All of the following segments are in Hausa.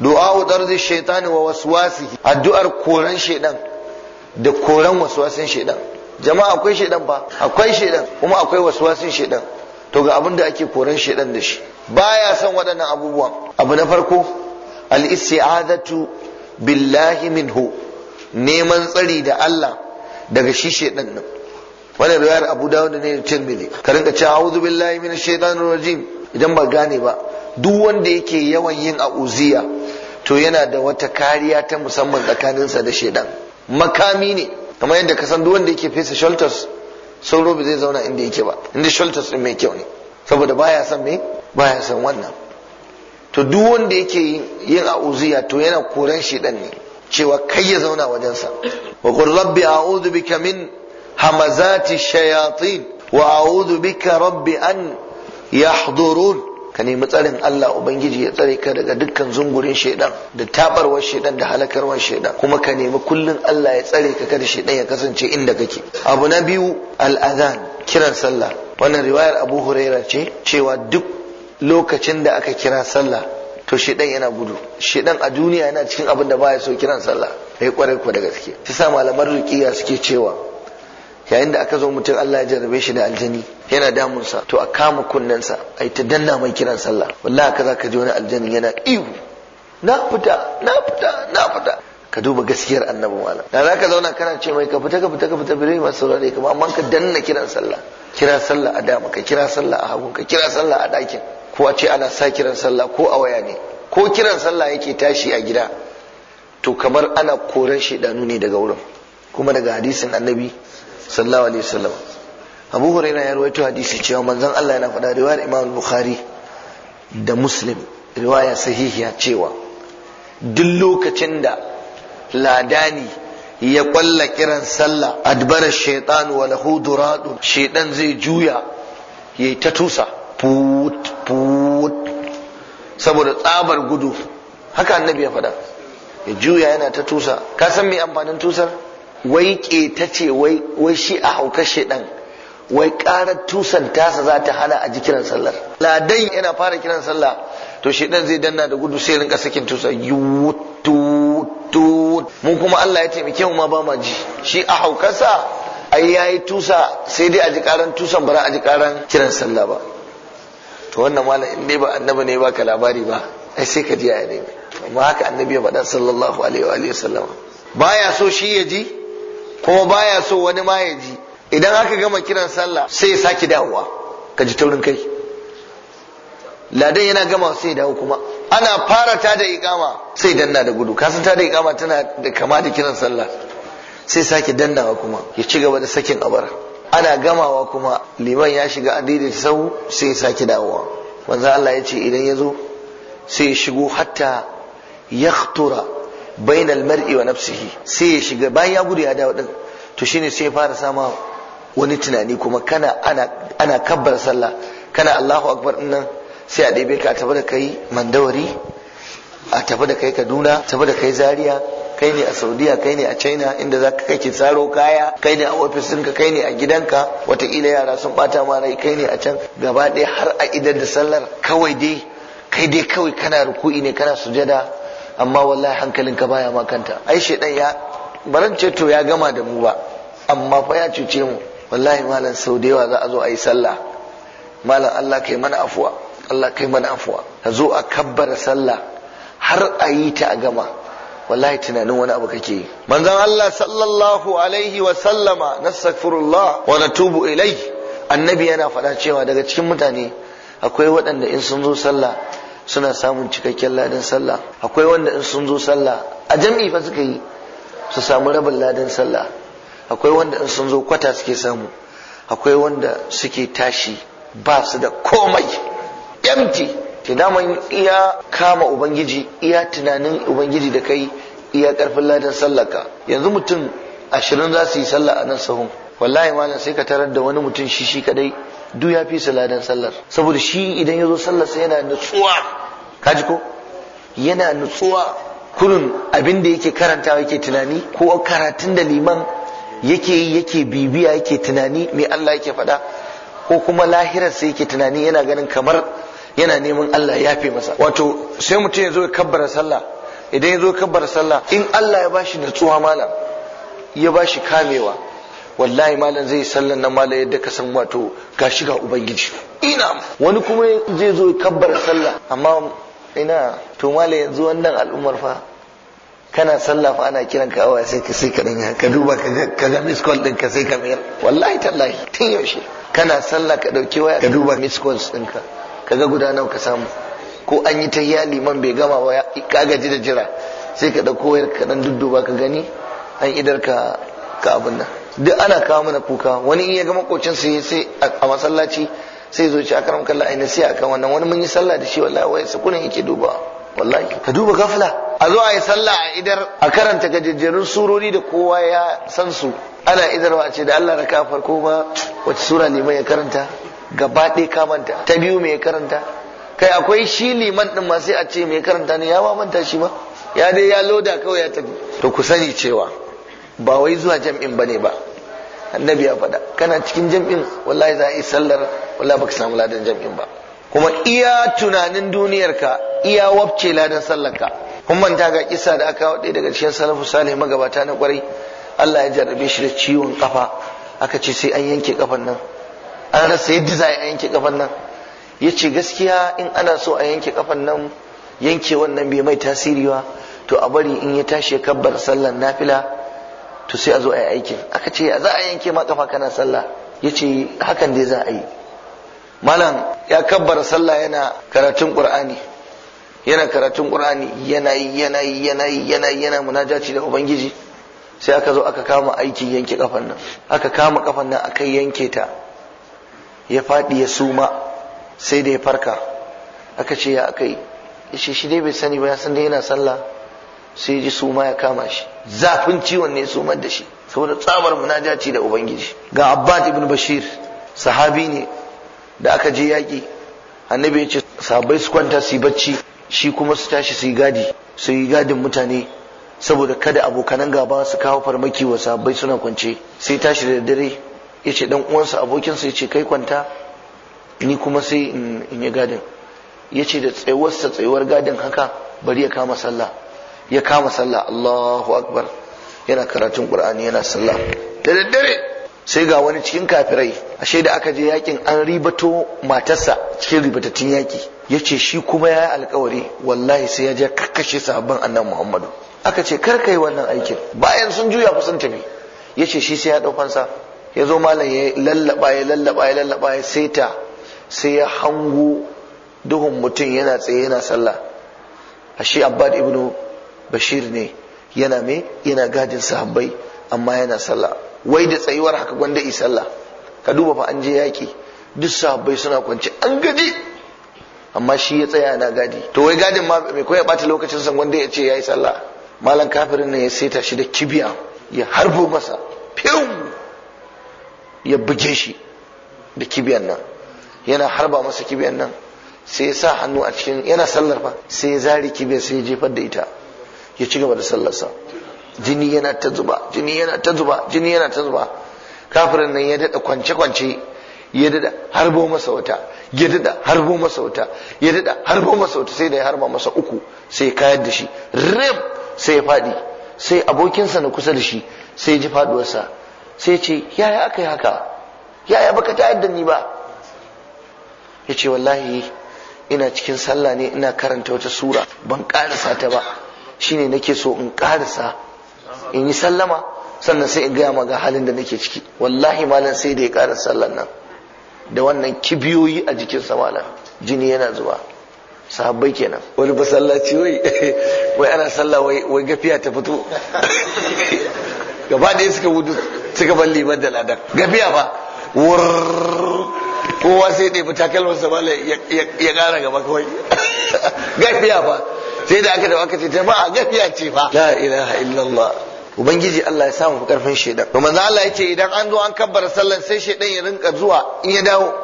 du'a darzi shaitani wa waswasi addu'ar koran shaitan da koran waswasin shaitan jama'a akwai shaitan fa akwai shaitan kuma akwai waswasin shaitan to ga abin da ake koran shaitan da shi baya son waɗannan abubuwan abu na farko al-isti'adatu billahi minhu neman tsari da Allah daga shi shaitan nan wannan riwayar Abu Dawud ne da Tirmidhi ka rinka cewa a'udhu billahi minash shaitanir rajim idan ba gane ba duk wanda yake yawan yin a'uziya to yana da wata kariya ta musamman tsakaninsa da shaidan makami ne kamar yadda ka san duk wanda yake fesa shelters sauro robe zai zauna inda yake ba inda shelters din mai kyau ne saboda baya son me baya son wannan to duk wanda yake yin a'uziya to yana koran shaidan ne cewa kai ya zauna wajensa wa qur rabbi a'udhu bika min hamazati shayatin wa a'udhu bika rabbi an yahdurun ka nemi tsarin Allah ubangiji ya tsare ka daga dukkan zungurin shaidan da tabarwar shaidan da halakarwar shaidan kuma ka nemi kullun Allah ya tsare ka kada shaidan ya kasance inda kake abu na biyu al'adhan kiran sallah wannan riwayar Abu Huraira ce cewa duk lokacin da aka kira sallah to shaidan yana gudu shaidan a duniya yana cikin abin da baya so kiran sallah kai eh, kwarai ku da gaske shi sa malaman ruqiya suke cewa yayin da aka zo mutum Allah ya jarrabe shi da aljani yana damun sa to a kama kunnensa a yi ta danna mai kiran sallah wallahi kaza ka ji wani aljani yana ihu na fita na fita na fita ka duba gaskiyar annabi malam da zaka zauna kana ce mai ka fita ka fita ka fita bire masu saurare kuma amma ka danna kiran sallah kira sallah a dama ka kira sallah a hagu ka kira sallah a ɗakin ko a ce ana sa kiran sallah ko a waya ne ko kiran sallah yake tashi a gida to kamar ana koran shaidanu ne daga wurin kuma daga hadisin annabi sallallahu alaihi wasallam Abu huraira ya rawaito hadisi cewa manzon Allah yana faɗa riwayar Imam Bukhari da Muslim riwaya sahihiya cewa duk lokacin da ladani ya kwalla kiran sallah adbara shaitan wa lahu duradun shaitan zai juya yayi ta tusa put put saboda tsabar gudu haka annabi ya faɗa ya juya yana ta tusa ka san me amfanin tusar wai ƙeta ce wai shi a hauka shedan wai ƙarar tusan tasa za ta hana a ji kiran sallar ladan yana fara kiran sallah to shedan zai danna da gudu sai rinka sakin tusan yutu mun kuma Allah ya taimake mu ma ba ma ji shi a haukarsa ai yayi tusa sai dai a ji ƙaran tusan bara a ji ƙaran kiran sallah ba to wannan malam in dai ba annabi ne ba ka labari ba ai sai ka ji a ne amma haka annabi ya faɗa sallallahu alaihi wa sallam baya so shi ya ji kuma baya so wani ma ya ji idan aka gama kiran sallah sai ya sake dawowa ka ji taurin kai ladan yana gama sai dawo kuma ana fara ta da ikama sai danna da gudu kasan ta da ikama tana da kama da kiran sallah sai sake dannawa kuma ya ci gaba da sakin abara ana gamawa kuma liman ya shiga adidi sau sai ya sake dawowa manzo Allah ya ce idan ya zo sai ya shigo hatta yaktura. bainal mar'i wa nafsihi sai ya shiga bayan ya gudu ya dawo din to shine sai ya fara sama wani tunani kuma kana ana ana kabbar sallah kana Allahu akbar din nan sai a ɗebe ka a tafi da kai mandawari a tafi da kai Kaduna tafi da kai Zaria kai ne a Saudiya kai ne a China inda za ka kake tsaro kaya kai ne a ofis ka, kai ne a gidanka wataƙila yara sun bata ma rai kai ne a can gaba ɗaya har a idan da sallar kawai dai kai dai kawai kana ruku'i ne kana sujada amma wallahi ka baya ma kanta ai shedan ya baran ce to ya gama da mu ba amma fa ya cuce mu wallahi malam sau da yawa za a zo a yi sallah malam Allah kai mana afuwa Allah kai mana afuwa a zo a kabbara sallah har a yi ta a gama wallahi tunanin wani abu kake yi manzon Allah sallallahu alaihi wa sallama nastaghfirullah wa natubu ilai annabi yana faɗa cewa daga cikin mutane akwai waɗanda in sun zo sallah suna samun cikakken ladan sallah akwai wanda in sun zo sallah a jam'i fa suka yi su samu rabin ladan sallah akwai wanda in sun zo kwata suke samu akwai wanda suke tashi ba su da komai empty ke daman iya kama ubangiji iya tunanin ubangiji da kai iya karfin ladan ka. yanzu mutum ashirin za su yi sallah a nan sahun wallahi malam sai ka tarar da wani mutum shi shi kadai duk ya fi ladan sallar saboda shi idan ya zo sallar sai yana nutsuwa kaji ko yana nutsuwa kurin abin da yake karanta yake tunani ko karatun da liman yake yi yake bibiya yake tunani mai Allah yake faɗa ko kuma lahirar sai yake tunani yana ganin kamar yana neman Allah ya fi masa wato sai mutum ya zo ya kabbara sallah idan ya zo kabbara sallah in Allah ya ba shi nutsuwa malam ya ba shi kamewa wallahi malam zai sallan nan malam yadda ka san wato gashi ga ubangiji ina wani kuma zai zo kabbar sallah amma ina to malam yanzu wannan al'ummar fa kana sallah fa ana kiran ka awaya sai ka sai ka danya ka duba ka ga miss call ka, sai ka mayar wallahi tallahi tun yaushe kana sallah ka dauki waya ka duba miss calls ɗinka ka ga guda nawa ka samu ko an yi ta liman bai gama ba ka gaji da jira sai ka dauko wayar ka dan dudduba ka gani an idar ka ka abin nan duk ana kawo mana kuka wani in ya ga makocin sai sai a masallaci sai zo ci akaram kallah aini sai akan wannan wani mun yi sallah da shi wallahi wai sukunin yake duba wallahi ka duba gafla a zo a yi sallah a idar a karanta gajejjerun surori da kowa ya san su ana idarwa a ce da Allah raka farko ba wace sura ne ya karanta gaba ɗaya ka manta ta biyu mai karanta kai akwai shi liman din ma sai a ce mai karanta ne ya ba manta shi ma ya dai ya loda kawai ya tafi to ku sani cewa ba wai zuwa jam'in bane ba annabi ya faɗa kana cikin jam'in wallahi za a yi sallar wallahi baka samu ladan jam'in ba kuma iya tunanin duniyarka iya wabce ladan sallarka kun manta ga kisa da aka waɗe daga cikin salafu salih magabata na kwarai Allah ya jarrabe shi da ciwon kafa aka ce sai an yanke kafan nan an rasa yadda za a yanke kafan nan ya ce gaskiya in ana so a yanke kafan nan yanke wannan bai mai tasiri ba to a bari in ya tashi kabbar sallar nafila to sai a zo a yi aikin aka ce za a yanke ma kafa kana sallah ya ce hakan dai za a yi malam ya kabbara sallah yana karatun qur'ani yana karatun qur'ani yana yana yana yana yana munajaci da ubangiji sai aka zo aka kama aikin yanke kafan nan aka kama kafan nan aka yanke ta ya faɗi ya suma sai da ya farka aka ce ya aka yi shi shi dai bai sani ba ya san dai yana sallah sai ji suma ya kama shi zafin ciwon ne su da shi saboda tsabar munajaci da ubangiji ga abbad ibn bashir sahabi ne da aka je yaki. annabi ya ce sahabbai su kwanta su yi bacci shi kuma su tashi su yi gadi su yi gadin mutane saboda kada abokanan gaba su kawo farmaki wa sahabbai suna kwance sai tashi da dare ya ce dan uwansa abokinsa ya ce kai kwanta ni kuma sai in yi gadin ya ce da tsayuwarsa tsayuwar gadin haka bari ya kama sallah ya kama sallah Allahu akbar yana karatun Qur'ani yana sallah da daddare sai ga wani cikin kafirai ashe da aka je yakin an ribato matarsa cikin ribatattun yaki yace shi kuma ya yi alkawari wallahi sai ya je kakkashe sahabban annan Muhammadu aka ce kar kai wannan aikin bayan sun juya kusan tafi yace shi sai ya dau fansa ya zo malam ya lallaba ya lallaba ya lallaba ya saita sai ya hango duhun mutum yana tsaye yana sallah ashe Abbad ibnu bashir ne yana me yana gadin sahabbai amma yana sallah wai da tsayuwar haka gwanda yi sallah ka duba fa an je yaki duk sahabbai suna kwance an gaji amma shi ya tsaya yana gadi to wai gadin ma mai koya bata lokacin san gwanda ya ce yayi sallah malam kafirin ne ya saita shi da kibiya ya harbo masa fiu ya buge shi da kibiyan nan yana harba masa kibiyan nan sai ya sa hannu a cikin yana sallar fa sai ya zari kibiyar sai ya jefar da ita ya ci gaba da sallarsa jini yana ta zuba jini yana ta zuba jini yana ta zuba kafirin nan ya dada kwance kwance ya dada harbo masa wata ya dada harbo masa wata ya dada harbo masa wata sai da ya harba masa uku sai ya kayar da shi rib sai ya fadi sai abokinsa na kusa da shi sai ya ji faduwarsa sai ce yaya aka yi haka yaya baka tayar da ni ba ya ce wallahi ina cikin sallah ne ina karanta wata sura ban karasa ta ba shine nake so in karasa in yi sallama sannan sai in gaya ga halin da nake ciki wallahi malam sai da ya ƙara sallan nan da wannan kibiyoyi a jikin sa malam jini yana zuba sahabbai kenan wani ba sallaci wai wai ana sallah wai wai gafiya ta fito gaba da suka wudu suka ban liman da ladan gafiya fa kowa sai dai ba takalmarsa malam ya ƙara gaba kawai gafiya fa sai da aka da aka ce a gafiya ce fa la ilaha illallah ubangiji Allah ya samu karfin shedan to manzo Allah ya ce idan an zo an kabbara sallan sai shedan ya rinka zuwa in ya dawo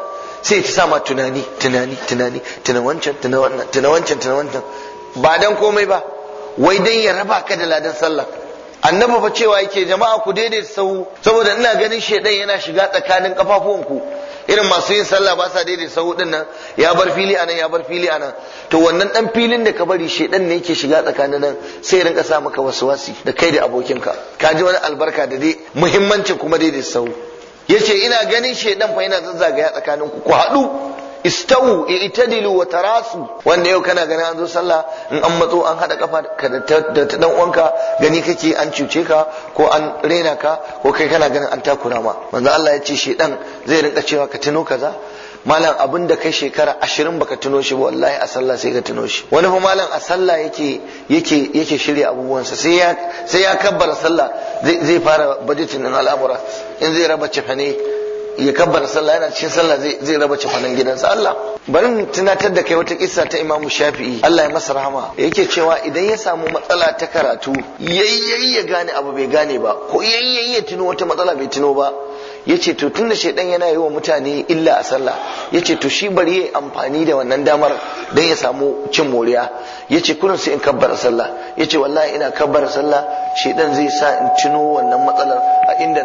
sai ta sama tunani tunani tunani tuna wancan wannan ba dan komai ba wai dan ya raba ka da ladan sallah annabi fa cewa yake jama'a ku daidaita sau saboda ina ganin shedan yana shiga tsakanin kafafuwanku irin masu yin sallah ba sa daidai sahu din nan ya bar fili anan ya bar fili anan to wannan dan filin da ka bari shedan ne yake shiga tsakanin nan sai rinka sa maka wasi da kai da abokinka ka ji wani albarka da dai muhimmancin kuma daidai sahu yace ina ganin shedan fa yana zazzagaya tsakanin ku ku haɗu istawu i'tadilu wa tarasu wanda yau kana gani an zo sallah in an matso an hada kafa da ta dan uwanka gani kake an cuce ka ko an rena ka ko kai kana ganin an takura ma manzo Allah ya ce shedan zai rinka cewa ka tuno kaza malam abin da kai shekara ashirin baka tuno shi wallahi a sallah sai ka tuno shi wani fa malam a sallah yake yake yake shirya abubuwansa sai ya sai ya kabbara sallah zai fara budgeting din al'amura in zai raba cefane ya kabbara sallah yana cikin sallah zai raba cikwanin gidansa Allah bari tunatar da kai wata kissa ta Imam Shafi'i Allah ya masa rahama yake cewa idan ya samu matsala ta karatu yayyayi ya gane abu bai gane ba ko yayyayi ya tuno wata matsala bai tuno ba yace to tunda shaidan yana yi wa mutane illa a sallah yace to shi bari yayi amfani da wannan damar dan ya samu cin moriya yace kullun sai in kabbara sallah yace wallahi ina kabbara sallah shedan zai sa in tuno wannan matsalar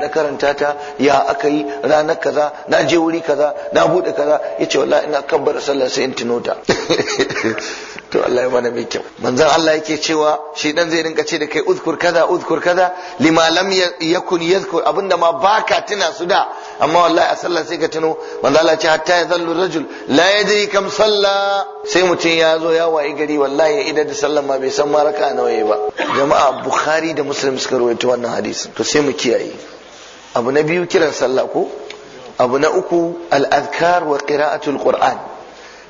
na karanta ta ya aka yi ranar kaza na je wuri kaza na bude kaza yace wallahi ina kabbar sallar sai in tuno ta to Allah ya mana mai kyau manzon Allah yake cewa shi dan zai rinka ce da kai uzkur kaza uzkur kaza lima lam yakun yadhkur abinda ma baka tuna su da amma wallahi a sallar sai ka tuno manzon Allah ce hatta ya zallu rajul la yadri kam salla sai mutum ya zo ya wayi gari wallahi ya idar da sallar ma bai san ma raka'a nawa ba jama'a bukhari da muslim suka rawaito wannan hadisi. to sai mu kiyaye abu na biyu kiran sallah ko abu na uku al'adkar wa qira'atul qur'an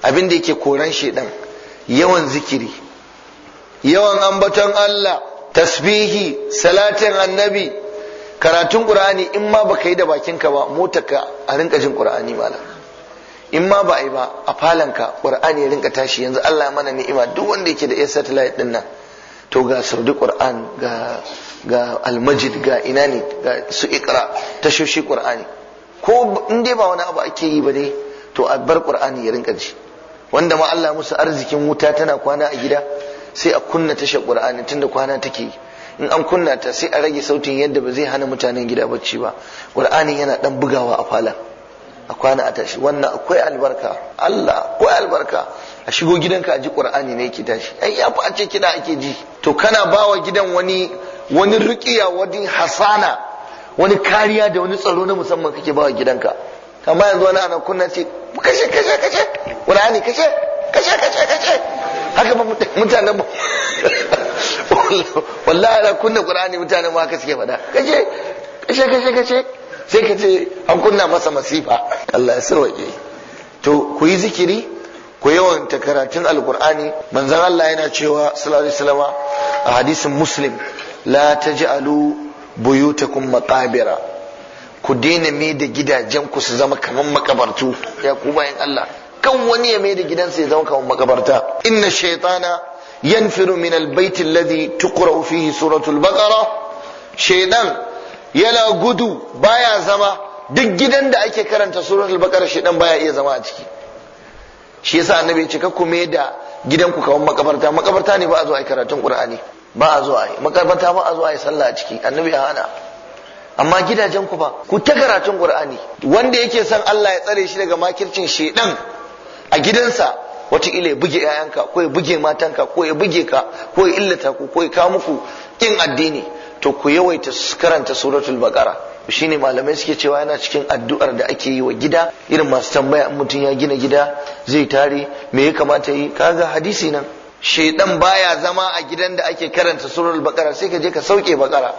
abin da yake koran ɗan, yawan zikiri yawan ambaton Allah tasbihi salatin annabi karatun qur'ani in ma baka yi da bakin ka ba motarka a rinka jin qur'ani mala in ma ba a yi ba a falanka qur'ani ya rinka tashi yanzu Allah mana ni'ima duk wanda yake da satellite din nan to ga saudi qur'an ga ga almajid ga ina ne ga su ikra tashoshi qur'ani ko in dai ba wani abu ake yi ba dai to a bar qur'ani ya rinka ji wanda ma Allah musu arzikin wuta tana kwana a gida sai a kunna tashar qur'ani tunda kwana take yi in an kunna ta sai a rage sautin yadda ba zai hana mutanen gida bacci ba qur'ani yana dan bugawa a falon a kwana a tashi wannan akwai albarka Allah akwai albarka a shigo gidanka a ji qur'ani ne yake tashi ai ya fa a ce kida ake ji to kana bawa gidan wani wani rukiya wani hasana wani kariya da wani tsaro na musamman kake bawa gidanka amma yanzu wani ana kunna ce kashe kashe kashe wani kashe kashe kashe kashe haka ba mutanen ba wallahi ana kunna qur'ani mutanen ma haka suke faɗa kashe kashe kashe kashe sai kace an kunna masa masifa Allah ya sirwaje to ku yi zikiri ku yawanta karatun alqur'ani manzon Allah yana cewa sallallahu alaihi wasallam a hadisin muslim la buyuta kun maqabira ku daina mai da gidajen ku su zama kaman makabartu ya ku bayan Allah kan wani ya mai da gidansa ya zama kaman makabarta inna shaitana yanfiru min albayt alladhi tuqra fihi suratul baqara shaytan yana gudu baya zama duk gidan da ake karanta suratul baqara shaytan baya iya zama a ciki shi yasa annabi ya ce kakku mai da gidanku kaman makabarta makabarta ne ba a zo yi karatun qur'ani ba a zuwa yi makarbata ba a zuwa yi sallah a ciki annabi ya hana amma gidajen ku ba ku ta karatun qur'ani wanda yake son Allah ya tsare shi daga makircin shedan a gidansa wata ya buge yayanka ko ya buge matanka ko ya buge ka ko ya illata ku ko ya kawo muku kin addini to ku yawaita karanta suratul baqara shine malamai suke cewa yana cikin addu'ar da ake yi wa gida irin masu tambaya in mutum ya gina gida zai tare me ya kamata yi kaga hadisi nan shaidan baya zama a gidan da ake karanta surar bakara sai ka je ka sauke bakara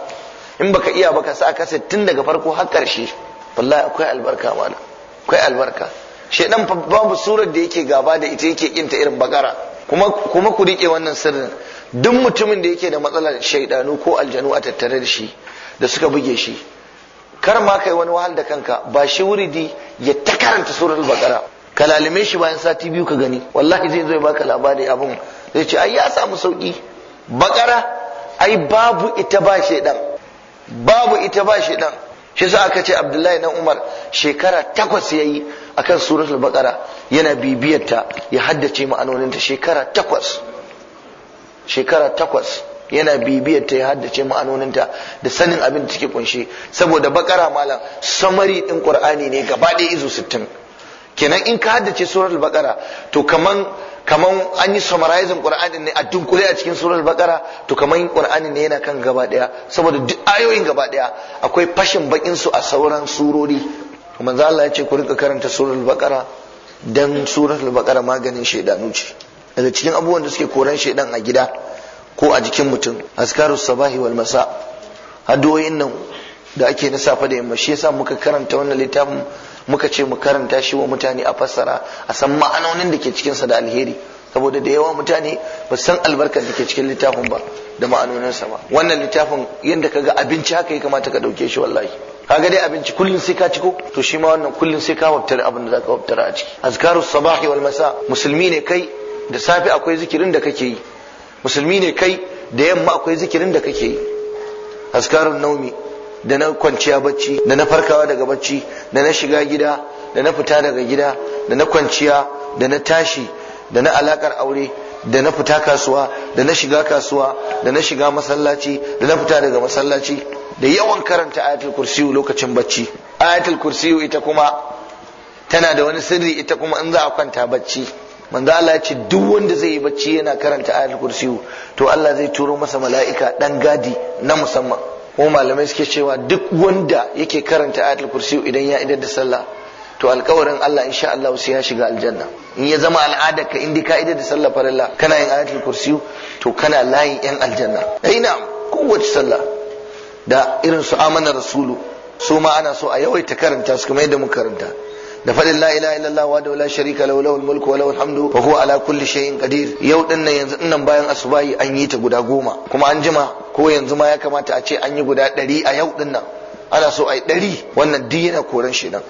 in baka iya baka sa ka tun daga farko har karshe wallahi akwai albarka mana akwai albarka shaidan babu surar da yake gaba da ita yake kinta irin bakara kuma kuma ku rike wannan sirrin duk mutumin da yake da matsalar shaidanu ko aljanu a tattare da shi da suka buge shi kar ma kai wani wahal da kanka ba shi wuridi ya ta karanta surar bakara ka lalime shi bayan sati biyu ka gani wallahi zai zo ya baka labari abin zai ce ai ya samu sauki bakara ai babu ita ba shaidan babu ita ba shaidan shi sa aka ce abdullahi dan umar shekara takwas ya yi akan suratul bakara yana bibiyarta ya haddace ma'anoninta shekara takwas shekara takwas yana bibiyar ta ya haddace ma'anoninta da sanin abin da take kunshe saboda bakara malam samari din qur'ani ne gaba ɗaya izo 60 kenan in ka haddace suratul bakara to kaman kaman an yi summarizing qur'ani ne a dunkule a cikin surar bakara to kaman qur'ani ne yana kan gaba daya saboda duk ayoyin gaba daya akwai fashin bakin su a sauran surori manzo Allah ya ce ku rinka karanta surar bakara dan surar bakara maganin shaidanu ce daga cikin abubuwan da suke koran shaidan a gida ko a jikin mutum askarus sabahi wal masa addu'o'in nan da ake na safe da yamma shi yasa muka karanta wannan littafin muka ce mu karanta shi wa mutane a fassara a san ma'anonin da ke cikinsa da alheri saboda da yawa mutane ba san albarkar da ke cikin littafin ba da ma'anoninsa ba wannan littafin yadda ka ga abinci haka ya kamata ka dauke shi wallahi kaga dai abinci kullun sai ka ciko to shi ma wannan kullun sai ka wabtar abin da zaka wabtar a ciki azkaru sabahi wal masa musulmi ne kai da safe akwai zikirin da kake yi musulmi ne kai da yamma akwai zikirin da kake yi azkarun naumi da na kwanciya bacci da na farkawa daga bacci da na shiga gida da na fita daga gida da na kwanciya da na tashi da na alakar aure da na fita kasuwa da na shiga kasuwa da na shiga masallaci da na fita daga masallaci da yawan karanta ayatul kursi lokacin bacci ayatul kursiyu ita kuma tana da wani sirri ita kuma in za a kwanta bacci manzo Allah ya ce duk wanda zai yi bacci yana karanta ayatul kursiyu to Allah zai turo masa mala'ika dan gadi na musamman Kuma malamai suke cewa duk wanda yake karanta ayatul kursi idan ya idar da sallah to alkawarin Allah insha Allah sai ya shiga aljanna in ya zama al'ada ka indi ka idar da sallah farilla kana yin ayatul kursi to kana layin yan aljanna eh, na kowace sallah da irin su amana rasulu su ma ana so a yawaita karanta su kuma yadda muka karanta da faɗin la ilaha illallah wa la sharika lahu lahul mulku wa lahul hamdu wa huwa ala kulli shay'in qadir yau dinnan yanzu nan bayan asubahi an yi ta guda goma kuma an jima ko yanzu ma ya kamata a ce an yi guda ɗari a yau ɗin nan ana so a yi ɗari wannan duk koran shi nan